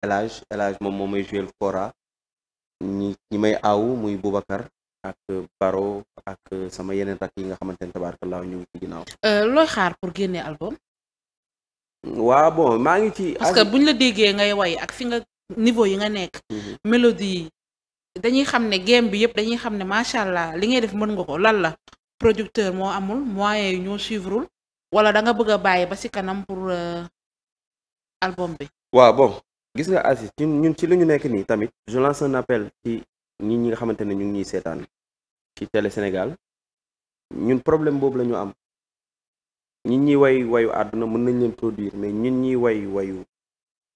elage elage moom moom may joué Kora ñi ñi may aw muy Boubacar ak Baro ak sama yeneen rakk yi nga xamante ne tabaarkalla ñu ngi ci ginnaaw. Euh, looy xaar pour génnee album. waa bon maa ngi ci. parce que buñ la déggee ngay way ak fi nga niveau yi nga nekk. Mhm. mélodie yi dañuy xam ne game bi yëpp dañuy xam ne macha allah li ngay def mën nga ko lan la producteur moo amul moyen yi ñoo suivreul wala da nga bëgg a bàyyi ba si kanam pour euh, album bi. waaw bon gis nga Aziz ñun ñun ci li ñu nekk nii tamit je lance un appel ci nit ñi nga xamante ne ñu ngi ñuy seetaan ci télé Sénégal ñun problème boobu lañu am ñun ñi way wayu àdduna mën nañ leen produire mais ñun ñi way wayu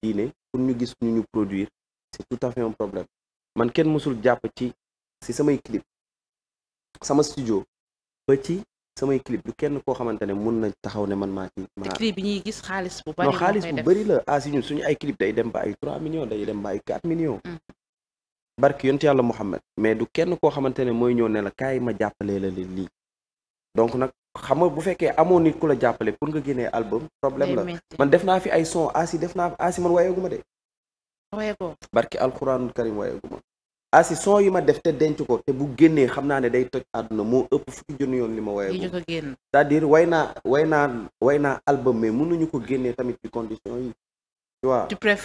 diine pour ñu gis ñu ñu produire c'est tout à fait un problème man kenn mësul jàpp ci si samay clip sama studio ba samay clip du kenn koo xamante ne mun na taxaw ne man maa ci ma clip bi ñuy gis xaalis bu bari xaalis bu bëri la aasi ah, ñun suñu ay clip day dem ba ay 3 millions day dem ba ay 4 millions mm. barki yontu yàlla Muhammad mais du kenn koo xamante ne mooy ñëw ne la kaay ma jàppalee la lii donc nag xam nga bu fekkee amoon nit ku la jàppale pour nga génnee album problème la man def naa fi ay son aasi ah, def naa aasi ah, man wayeeguma de wayeegoo barki alxuraanul karim wayeeguma asi ah, son yi ma def te denc ko te bu génnee xam naa ne day toj àdduna moo ëpp fukki junni yoon li ma woyee bu c'est-à-dire way naa way naa way naa album mais mënuñu ko génnee tamit ci condition yi tu vois tu par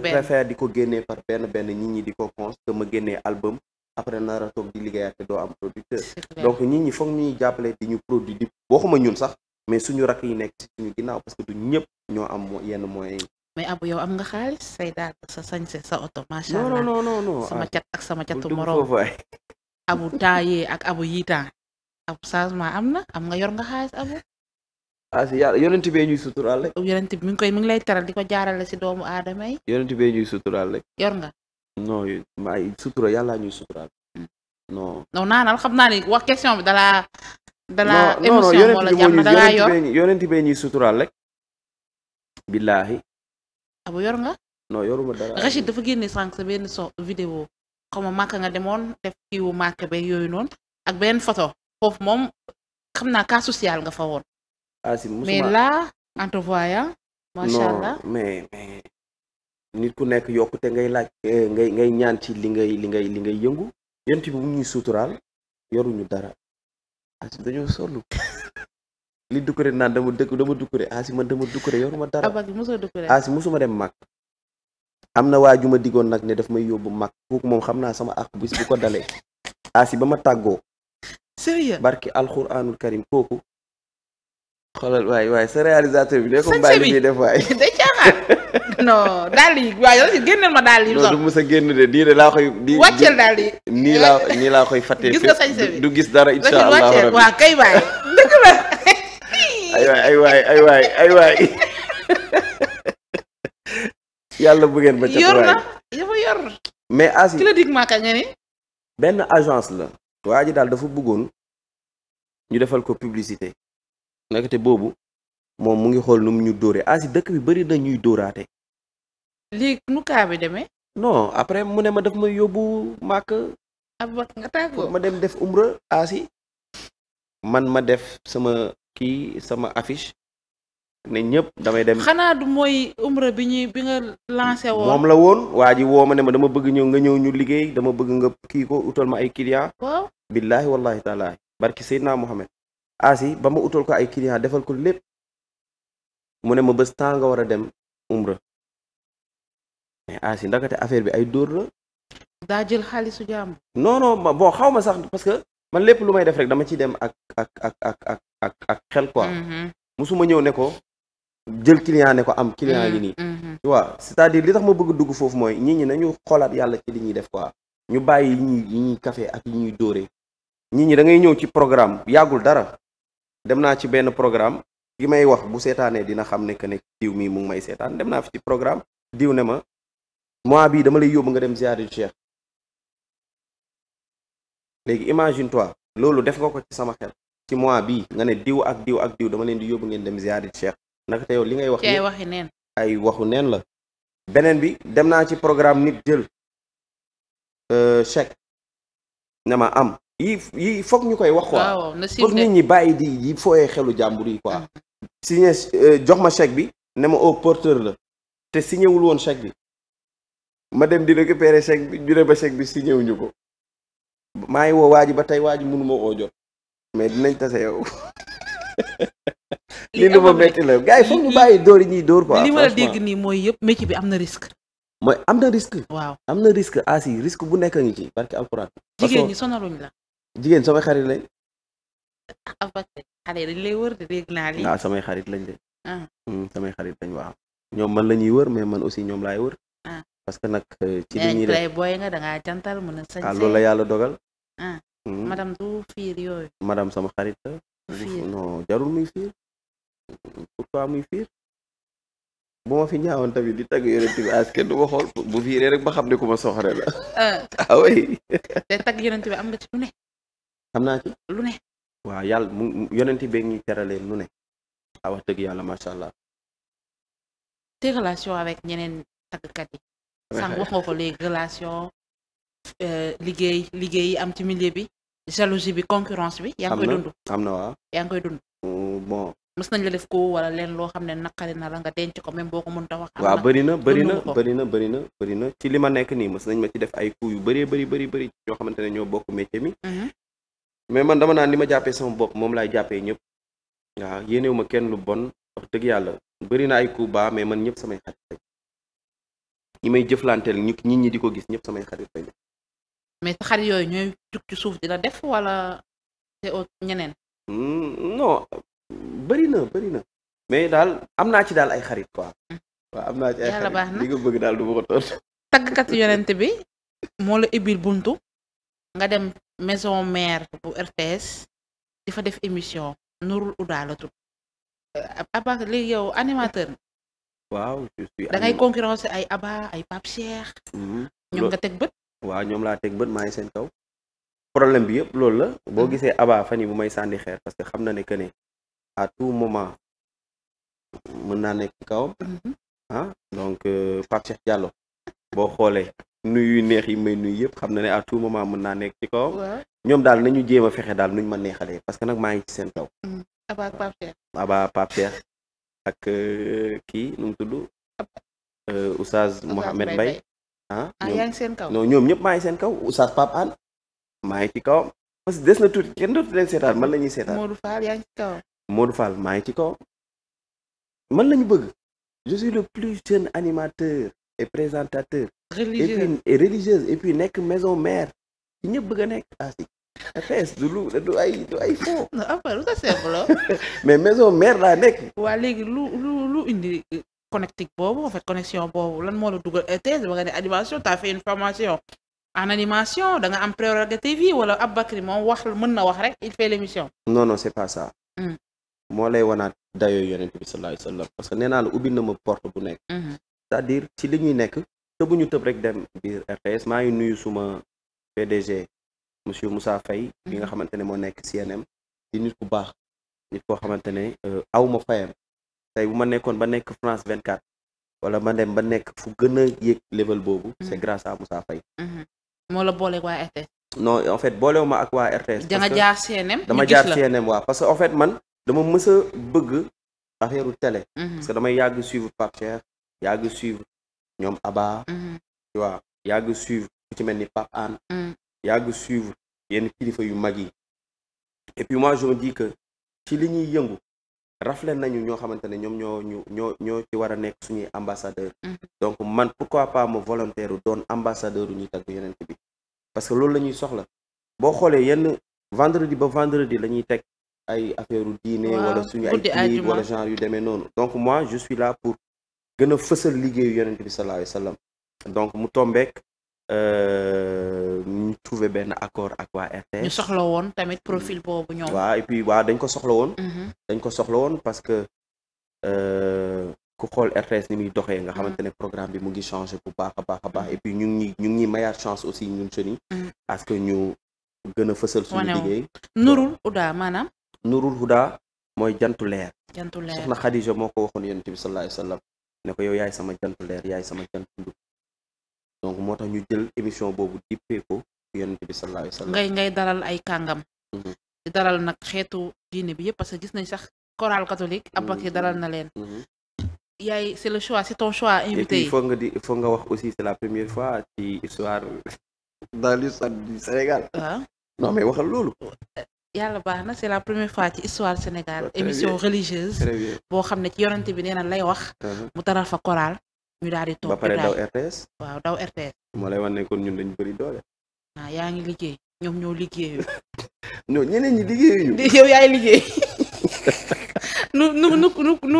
benn préfère di ko génnee par benn benn nit ñi di ko cons que ma génnee album après nar a toog di liggéeyaat te doo am producteur donc nit ñi foog ñuy jàppale di ñu produit di ma ñun sax mais suñu rakk yi nekk ci suñu ginnaaw parce que du ñëpp ñoo am yenn moyens yi mais abu yow am nga xaalis say daal sañ sañse sa oto macha allah non non non sama abu taayee ak abu yiitaan abu changement am na am nga yor nga xaalis abu asi ah, yàlla yonent mi koy mi ngi lay teral di ko jaarale si doomu aadama yi yonent bee ñuy suturaal rek nga non maay sutura ñuy suturaal non hmm. non naanal xam naa ne question bi dalaa dalaa émission moo la jàmm dalaa yor yonent bee ñuy suturaal rek xabu yor nga. non yoruma dara Rachid dafa génne sànq sa benn so vidéo xaw ma màkk nga demoon def kii wu màkk be yooyu noon ak benn foto foofu moom xam naa ka social nga fa woon. ah si musuma mais là en te voyant. macha mais mais nit ku nekk yokkute ngay laaj. Eh, ngay ngay ñaan ci li ngay li ngay li ngay yëngu. yent bi bu ñuy suturaal yoruñu dara. as ah, dañoo li dukkure naan dama dëkk dama dukkure aasi ah, man dama dukkure yoruma dara aasi ah, ah, musuma dem màkk am na waa ju ma diggoon nag ne daf may yóbbu mag kooku moom xam naa sama ak bis bu ko dalee aasi ba ma tàggoo sérieux barki alxuraanul karim kooku xoolal waay sa réalisateur bi ne ko mbaali def waay day caaxaan non daal yi waay yow génneel ma daal yi non mus a génn de nii de laa koy wàcceel daal yi nii laa koy fàttee gis nga sañse bi du gis dara insha allah waa kay waay dëgg la ay waay ay waay ay waay yàlla bu ngeen ba ca yor na dafa yor mais as ki la dig maaka nga ni benn agence la waa ji daal dafa buggoon ñu defal ko publicité nekkate boobu moom mu ngi xool nu ñu dóoree asi dëkk bi bari na ñuy dóoraate léegi nu kaa bi demee non après mu ne ma daf ma yóbbu màkk ab ma dem def umra asi man ma def sama kii sama affiche ne ñëpp damay dem. xanaa mooy umra bi ñuy bi nga lancé moom la woon waa ji woo ma ne ma dama bëgg ñëw nga ñëw ñu liggéey dama bëgg nga kii ko utal ma ay clients. waaw billaahi wallaahi taalaahi barki Seydina Mohamed. Asi ba ma utal ko ay clients defal ko lépp mu ne ma bës temps nga war dem umra mais Asi ndakate affaire bi ay dóor daa jël xaalisu jàmm. non non bon xaw ma sax parce man lépp lu may def rek dama ciy dem ak ak ak ak ak ak ak xel quoi. Mm-hmm. musuma ñëw ne ko jël client ne ko am client yi nii. Mm-hmm. Mm-hmm. tu c'est-à-dire li tax ma bëgg dugg foofu mooy ñit ñi nañu xoolaat yàlla ci li ñuy def ko ñu bàyyi yi ñuy yi ak yi ñuy dóore ñit ñi da ngay ñëw ci programme yàggul dara dem naa ci benn programme ki may wax bu seetaanee dina xam ne que ne diw mii mu may seetaan dem naa fi ci programme diw ne ma mois bii dama lay yóbbu nga dem ziare Cheikh léegi imagine toi loolu def nga ko ci sama xel ci mois bi nga ne diw ak diw ak diw dama leen di yóbbu ngeen dem ziarit cheikh naka te yow li ngay wax neen ay waxu neen la beneen bi dem naa ci programme nit jël euh, chèque na ma am yi yi foog ñu koy wax ko pour nit ñi bàyyi di yi fooyee xelu jàmbur yi quoi mm-hmm. signé euh, jox ma chèque bi ne ma au oh, porteur la te signé wul woon chèque bi ma dem di récupérer chèque bi ñu ba chèque bi signé ko maa ngi woo waa ji ba tey waa ji mënu ma jot mais dinañ tase yow. li lu ma la gars yi foog ñu bàyyi dóor yi ñuy dóor quoi. li ma dégg nii mooy yëpp métier bi am na risque. mooy am na risque. waaw am na risque asi ah risque bu nekk ngi ci barki alxuraan. jigéen ñi sonaluñ la. jigéen samay xarit lañ. Ah, xale dañ wër de dégg naa ah, samay xarit lañ de. Hmm, samay xarit lañ waaw ñoom man la ñuy wër mais man aussi ñoom laay wër. parce que nag eh, ci eh, li ñuy def nga da jantal mën sañ ah, loolu yàlla dogal ah hmm. madame du fiir yooyu madame sama xarit la jarul muy fiir pourquoi muy fiir bu fi ñaawoon tamit di tagg yonent bi ba xam ne ku ma soxore la ah. ah oui te tagg yonent bi am nga ci lu xam naa ci lu ne waaw yàlla mu yonent ngi teralee lu ne a ah, wax dëgg yàlla macha allah tes relations avec ñeneen taggkat yi sànq wax nga ko léegi relation euh, liggéey liggéey yi am ci milieu bi jalousie bi concurrence bi yaa ngi koy dund am na waaw yaa ngi koy dund mm, nañ la def ko wala leen loo xam ne naqari na la nga denc ko même boo ko ta wax waaw bëri na bëri na bëri na bëri na bëri na ci li ma nekk nii mës nañ ma ci def ay coups yu bëree bëri bëri bëri yoo xamante ne ñoo bokk métier mi mm-hmm. mais man dama naan li ma jàppee sama bopp moom laay jàppee ñëpp waaw yéenewu ma kenn lu bon wax dëgg yàlla bëri na ay coups man ñëpp samay ñi may jëflanteel ñu nit ñi di ko gis ñëpp samay xarit lañu. mais sa xarit yooyu ñooy jug ci suuf di la def wala c'est ñeneen. Hmm, non bëri na mais daal am naa ci daal ay xarit quoi. Hmm. waaw am na ci ay xarit li nga bëgg daal du ma ko tontu. tàggkat yonent bi moo la ibil buntu nga dem maison maire bu RTS di fa def émission Nourul Houda la tudd. Euh, Abba léegi yow animateur waaw je suis da ngay concurrence ay Aba ay Pape Cheikh. Mm-hmm. ñoom nga teg bët. waaw ñoom laa teg bët maa ngi seen kaw. problème bi yëpp loolu la boo mm-hmm. gisee Aba fa yi bu may sànni xeer parce que xam na ne que ne à tout moment mën naa nekk kawam. Mm-hmm. ah donc euh, Pape Cheikh Diallo boo xoolee nuyu neex yi may nuyu yëpp xam na ne à tout moment mën naa nekk ci kawam. ñoom daal nañu jéem a fexe daal nuñ ma neexale parce que nag maa ngi ci seen kaw. Aba ak ak euh, kii nu mu tudd euh, Oustaz Mouhamed Mbaye ah, ah, yaa ngi seen kaw no ñoom ñëpp maa ngi seen kaw Oustaz Pape Anne maa ngi ci kawam parce que des na tuuti kenn dootu leen seetaan man la ñuy seetaan Modou Fall yaa ngi ci kaw Modou Fall bëgg je suis le plus jeune animateur et présentateur religieux et puis et religieuse et puis nekk maison mère ci ñëpp bëgg nekk ah RTS du lu du ay du ay fo. mais maison mère laa nekk. waa léegi lu lu lu indi connectique boobu en fait connexion boobu lan moo la dugal RTS ba nga ne animation t'as fait une formation en animation da nga am prérogative yi wala Aboubacry moom wax mën na wax rek il fait l'émission. non non c'est pas ça. Mm. moo lay wanaat dayoo yonent bi sallallahu alayhi wasallam parce que nee naa la ubbi na ma porte bu nekk. Mm-hmm. cest à ci li ñuy nekk te bu ñu tëb rek dem biir RTS maa ngi nuyu suma PDG. monsieur Moussa Faye bi nga mhm. xamante ne moo nekk CNM di nit ku baax nit koo xamante ne euh, aw ma fayam tey bu ma nekkoon ba nekk France 24 wala ma dem ba nekk fu gën a yéeg level boobu mhm. c'est grâce à Moussa Faye mhm. moo la booleeg waa RTS non en fait boolewu ak waa RTS dama jaar que en fait man a bëgg affaireu télé parce que damay yàgg suivre Pape Cheikh yàgg suivre ñoom Abba tu vois suivre ku ni Pape Anne yàgg suivre yenn kilifa yu mag yi et puis moi je ci li ñuy yëngu rafle nañu ñoo xamante ne ñoom ñoo ñu ñoo ñoo ci war a nekk suñuy ambassadeur mm-hmm. donc man pourquoi pas ma volontaire doon ambassadeur u ñuy tagg yeneen bi parce que loolu la ñuy soxla boo xoolee yenn vendredi ba vendredi la ñuy teg ay affaire u diine wala suñu ay clip wala genre yu demee noonu donc mois je suis pour gën a fësal liggéeyu yonent bi sallallahu alayhi donc mu tombeek Euh, ñu trouvé benn accord ak waa RTS. ñu soxla woon tamit profil boobu ñoom. waaw et puis waaw dañ ko soxla woon. Mhm. dañ ko soxla woon parce que euh, ku xool RTS ni muy doxee nga mhm. xamante ne programme bi mu ngi changé bu baax a baax a baax mhm. et puis ñu ngi ñu ngi mayaat chance aussi ñun jeunes yi. parce que ñu gën a fësal suñu liggéey. Nurul Huda maanaam. mooy jantu leer. jantu leer soxna moo ko waxoon yonent bi sallallahu alayhi ne ko yow yaay sama jantu leer yaay sama jantu donc moo tax ñu jël émission boobu dippee ko yonent bi sallallahu ngay ngay daral ay kàngam mhm. daral na xeetu diine bi yëpp parce que gis nañ sax chorale catholique Aboubakry mhm. daral na leen mhm. yaay c'est le choix c'est ton choix invité yi il nga di il nga wax aussi c'est la première fois ci histoire dans l'histoire Sénégal waaw ah. non mais waxal loolu yàlla baax na c'est la première fois ci histoire émission religieuse boo xam ne ci yonent bi nee na lay wax uh-huh. mu taral fa chorale ñu ba pare daw RTS. moo lay wan ne kon ñun dañu bëri doole. ah yaa ngi liggéey ñoom ñoo liggéeyu. non ñeneen ñi liggéeyuñu. yow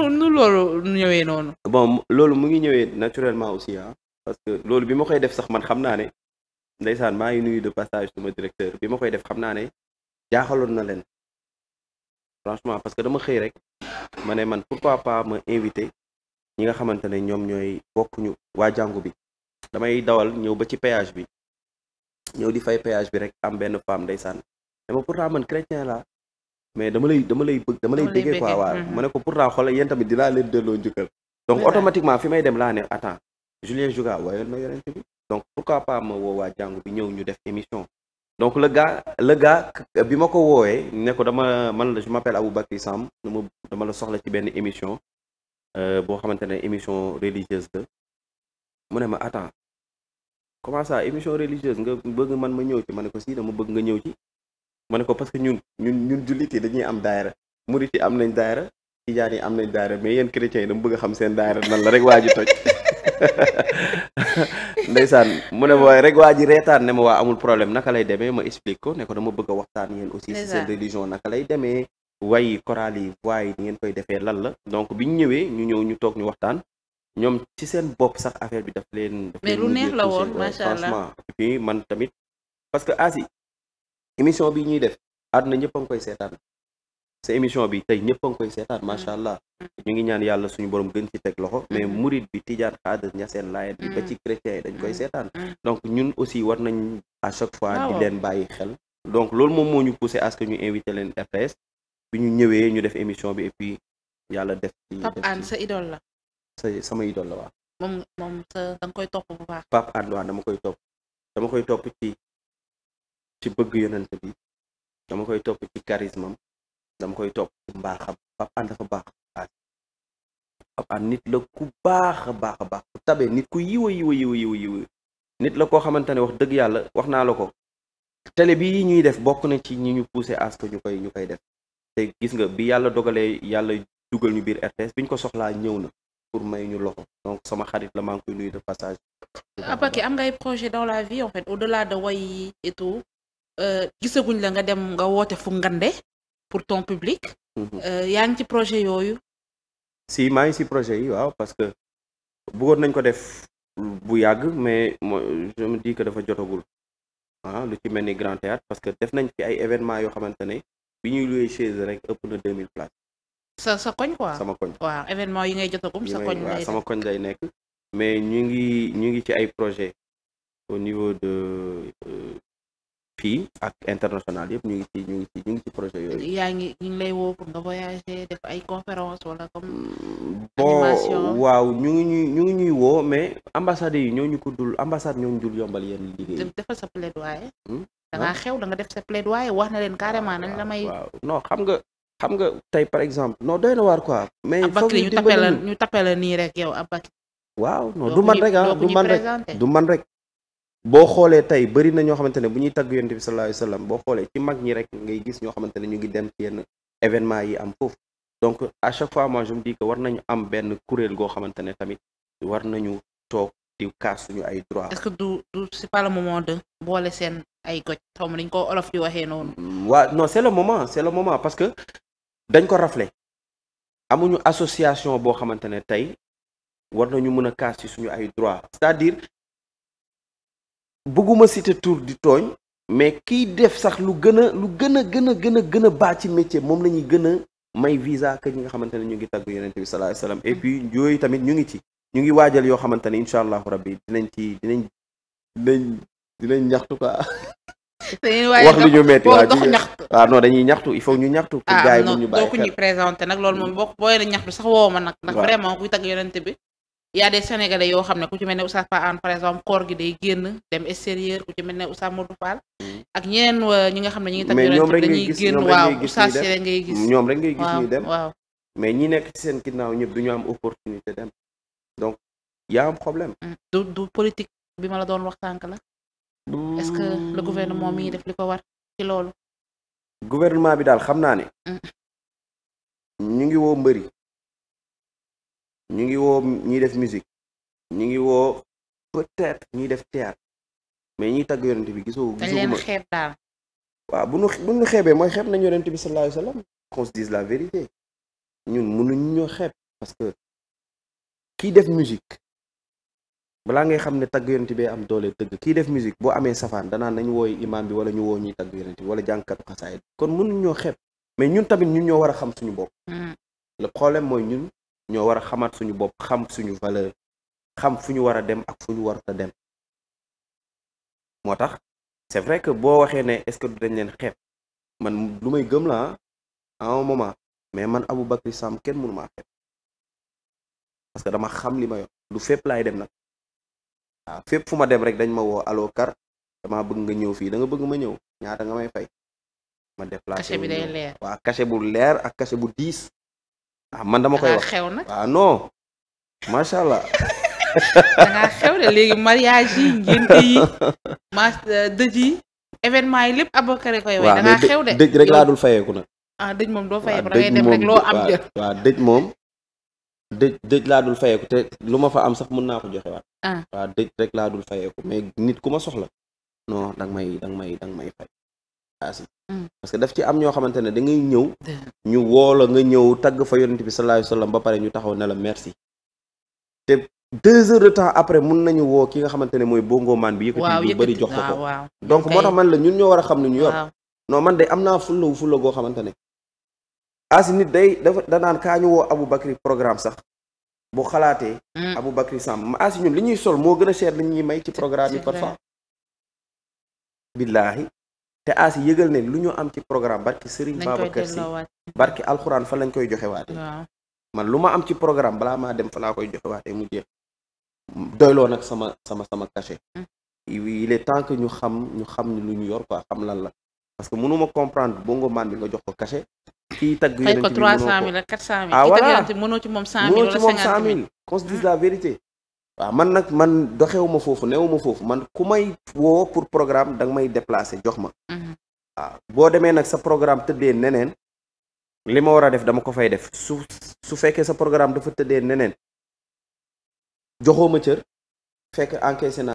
loolu ñëwee noonu. bon loolu mu ngi ñëwee naturellement aussi ah. parce que loolu bi ma koy def sax man xam naa ne. ndeysaan maa ngi nuyu de passage suma directeur bi ma koy def xam naa ne jaaxaloon na leen franchement parce que dama xëy rek ma ne man pourquoi pas ma invité ñi nga xamante ne ñoom ñooy bokkuñu waa jàngu bi damay dawal ñëw ba ci péyage bi ñëw di fay péage bi rek am benn femme ndeysaan dama pourtant man chrétien la mais dama lay dama lay bëgg dama lay bëggee quoi waaw mm-hmm. ma ne ko pour xoolal yéen tamit dinaa leen delloo njukkal donc automatiquement fi may dem laa ne attends Julien Jouga waayoon ma yonent bi donc pourquoi pas ma woo waa jàngu bi ñëw ñu def émission donc la gars le gars bi ma ko woowee ne ko dama man la je m'appelle Aboubacry Samb dama la soxla ci benn émission Euh, boo xamante ne émission religieuse la mu ne ma attends comment ça émission religieuse nga bëgg man ma ñëw ci ma ne ko si dama bëgg nga ñëw ci ma ne ko parce que ñun ñun ñun jullit yi dañuy am daayira murit yi am nañ daayira tijaan yi am nañ daayira mais yéen chrétiens yi dama bëgg xam seen daayira nan la rek waa ji toj ndeysaan mu ne waaye rek waa ji reetaan ne ma waa amul problème naka lay demee ma explique ko ne ko dama bëgg waxtaan yéen aussi si seen religion naka lay demee waay chorale yi voix ngeen koy defee lan la donc bi ñu ñëwee ñu ñëw ñu toog ñu waxtaan ñoom ci seen bopp sax affaire bi daf leen. daf leen mais lu neex la woon euh, macha allah et puis man tamit parce que Asi émission bi ñuy def àdduna ñëpp a ngi koy seetaan sa émission bi tey ñëpp ngi koy seetaan macha mm. allah ñu ngi ñaan yàlla suñu borom gën ci teg loxo mm-hmm. mais murid bi tijaan xaadir ñaseen laayat bi ba mm. ci chrétien yi dañ koy mm. seetaan donc ñun aussi war nañ à chaque fois ah di leen bàyyi xel donc loolu moom moo ñu poussé à que ñu invité leen RTS. bi ñu ñëwee ñu def émission bi et puis yàlla def. Pape Hann sa idole la. sa sama idole la waa moom moom sa da koy topp bu baax. Pape Hann waaw dama koy topp dama koy topp ci ci bëgg yonent bi dama koy topp ci charisme dama koy topp ci mbaaxam Pape Hann dafa baax Pape Hann nit la ku baax baax a baax ku tabe nit ku yiwa yiwa yiwa yiwa nit la koo xamante ne wax dëgg yàlla wax naa la ko télé bi ñuy def bokk na ci ñu ñu poussé à ñu koy ñu koy def te gis nga bi yàlla dogalee yàlla dugal ñu biir RTS biñ ko soxlaa ñëw na pour may ñu loxo donc sama xarit la maa ngi koy nuyu de passage. Apaké ah, am nga projet dans la vie en fait au-delà de way yi et tout euh, gisaguñ la nga dem nga woote fu ngande pour ton public. Mhm. Euh, yaa ngi ci projet yooyu. si maa ngi si projet yi waaw parce que bëggoon nañ ko def bu yàgg mais je me dis dafa jotagul ah lu ci mel ni grand théâtre parce que def nañ fi ay événements yoo xamante ne. bi ñuy loué chaise rek ëpp na mille places. sa sa koñ quoi sama koñ. waaw événement yi ngay jotagum sa koñ. waaw sama koñ day nekk mais ñu ngi ñu ngi ci ay projet au niveau de euh, fii ak international yëpp ñu ngi ci ñu ci ñu projet yooyu. yaa ngi ñu ngi lay woo pour nga voyager def ay conférence wala comme. animation waaw ñu ngi ñuy ñu ngi ñuy woo mais ambassades yi ñoo ñu ko dul ambassade ñoo ñu dul yombal yenn liggéey. dafa sa da ngaa xew da nga def sa plaidoyer wax na leen carrément ah, nañ la may. waaw xam nga xam nga tey par exemple non doy na waar quoi. mais foog ñu tapé la ñu tapé la nii rek yow waaw ah, du man rek du man rek du man boo xoolee tey bëri na ñoo xamante ne bu ñuy tagg yonent bi sallallahu alayhi boo xoolee ci mag ñi rek ngay gis ñoo xamante ne ñu ngi dem ci yenn événement yi am foofu donc a chaque fois moi je me dis que war nañu am benn kuréel goo xamante ne tamit war nañu toog di kaas suñu ay droit. est que du du c'est pas le ay goj xaw ma dañ ko olof di waxee noonu. waa non c'est le moment c'est le moment parce que dañ ko raflé amuñu association boo xamante ne tey war nañu mën a kaas ci suñu ay droit c'est-à-dire bëgguma citer tour di tooñ mais kiy def sax lu gën a lu gën a gën a gën a gën a baa ci métier moom la ñuy gën a may visa que ñi nga xamante ne ñu ngi tàggu yonent bi sallallahu alayhi wasallam et puis yooyu tamit ñu ngi ci ñu ngi waajal yoo xamante ne incha allahu rabbi dinañ ci dinañ dinañ dinañ ñaxtu quoi wax lu ñu metti waaw dox ñaxtu dañuy ñaxtu il faut ñu ñaxtu pour ah, gars yi ñu bàyyi xel nag loolu moom boo booy la ñaxtu sax woo ma nag ndax vraiment kuy tagg yonent bi yaa a des sénégalais yoo xam ne ku ci mel ne Oustaz Pa An par exemple koor gi day génn dem extérieur ku ci mel ne Oustaz Modou Fall hmm. ak ñeneen ñi nga xam ne ñi ngi tagg yonent bi dañuy génn waaw Oustaz si rek ngay gis ñoom rek ngay gis ñu dem mais ñi nekk ci seen ginnaaw ñëpp duñu am opportunité dem donc yaa am problème hmm, du du politique bi ma la doon wax sànk la est-ce que le gouvernement mi def li ko war ci loolu. gouvernement bi daal xam naa ne. Mm. ñu ngi woo mbëri ñu ngi woo ñiy def musique ñu ngi woo peut-être ñiy def théâtre mais ñiy tagg yonent bi gisoo. gisoo leen xeeb daal. waaw bu nu bu xeebee mooy xeeb nañ yonent bi sallallahu alayhi wa sallam la vérité ñun mënuñ ñoo xeet parce que kiy def musique balaa ngay xam ne tagg yonent bee am doole dëgg kii def musique boo amee safaan danaan nañ wooy imaam bi wala ñu woo ñuy tagg yonent bi wala jàngkatu xasaay kon mënuñ ñoo xeeb mais ñun tamit ñun ñoo war a xam suñu bopp hmm. le problème mooy ñun ñoo war a xamaat suñu bopp xam suñu valeur xam fu ñu war a dem ak fu ñu warut a dem moo tax c'est vrai que boo waxee ne est-ce que du dañ leen xeeb man lu may gëm la ah, à un mais man abu Aboubacry Samb kenn mënu maa xeeb parce que dama xam li ma yor lu fépp laay dem nag waaw fépp fu ma dem rek dañ ma woo allo kar dama bëgg nga ñëw fii danga nga bëgg ma ñëw ñaata nga may fay ma déplacé bi day leer waaw cachet bu leer ak cachet bu diis ah man dama koy wax xew nag waaw non xew de léegi mariage yi ngénte yi ma euh, dëj yi événement yi lépp abakare koy way dangaa xew de dëj rek laa dul fayeeku nag ah dëj moom doo fayeeku da loo am jël waaw dëj moom dëj dëj laa dul fayeeku te lu ma fa am sax mun naa ko joxe waat ah. waaw dëj rek laa dul fayeeku mais nit ku ma soxla non danga may danga may danga may fay asi mm. parce que daf ci am ñoo xamante ne da ngay ñëw ñu woola nga ñëw tagg fa yonent bi sallallahu alayhi wasallam ba pare ñu taxaw ne la merci te deux heures de temps après mun nañu woo ki nga xamante ne mooy bongo maan bi yëkkati lu bari jox ko ah, donc moo tax man la ñun ñoo war a xam ne ñu yor non man de am naa fulla fulla goo xamante ne asi nit day dafa danaan kaa woo Abu Bakri programme sax bu xalaatee mm. Abu Bakri Samb asi ñun li ñuy sol moo gën a cher li ñuy may ci programme yi parfois billaahi te asi yëgal ne lu ñu am ci programme barki Serigne Babacar Si barki alxuraan fan lañ koy joxe waate man lu ma am ci programme balaa maa dem fa laa koy joxe waate mu jeex doyloo nag sama sama sama cachet mm. il est ñu xam ñu lu ñu yor quoi xam lan la parce que mënuma comprendre bongo maan bi nga jox ko kase kii tagg yonent bi mënoo ko 300000 ak 400000. ah voilà kii tagg yonent bi mënoo ci moom 100000 wala ci moom 100000 qu'on la ah. vérité. waaw man nag man doxewuma foofu newuma foofu man ku may woo pour programme danga may déplacer jox ma. Mhm. waaw boo demee nag sa programme tëddee neneen li ma war a def dama ko fay def su su fekkee sa programme dafa tëddee neneen joxoo ma cër fekk encaissé na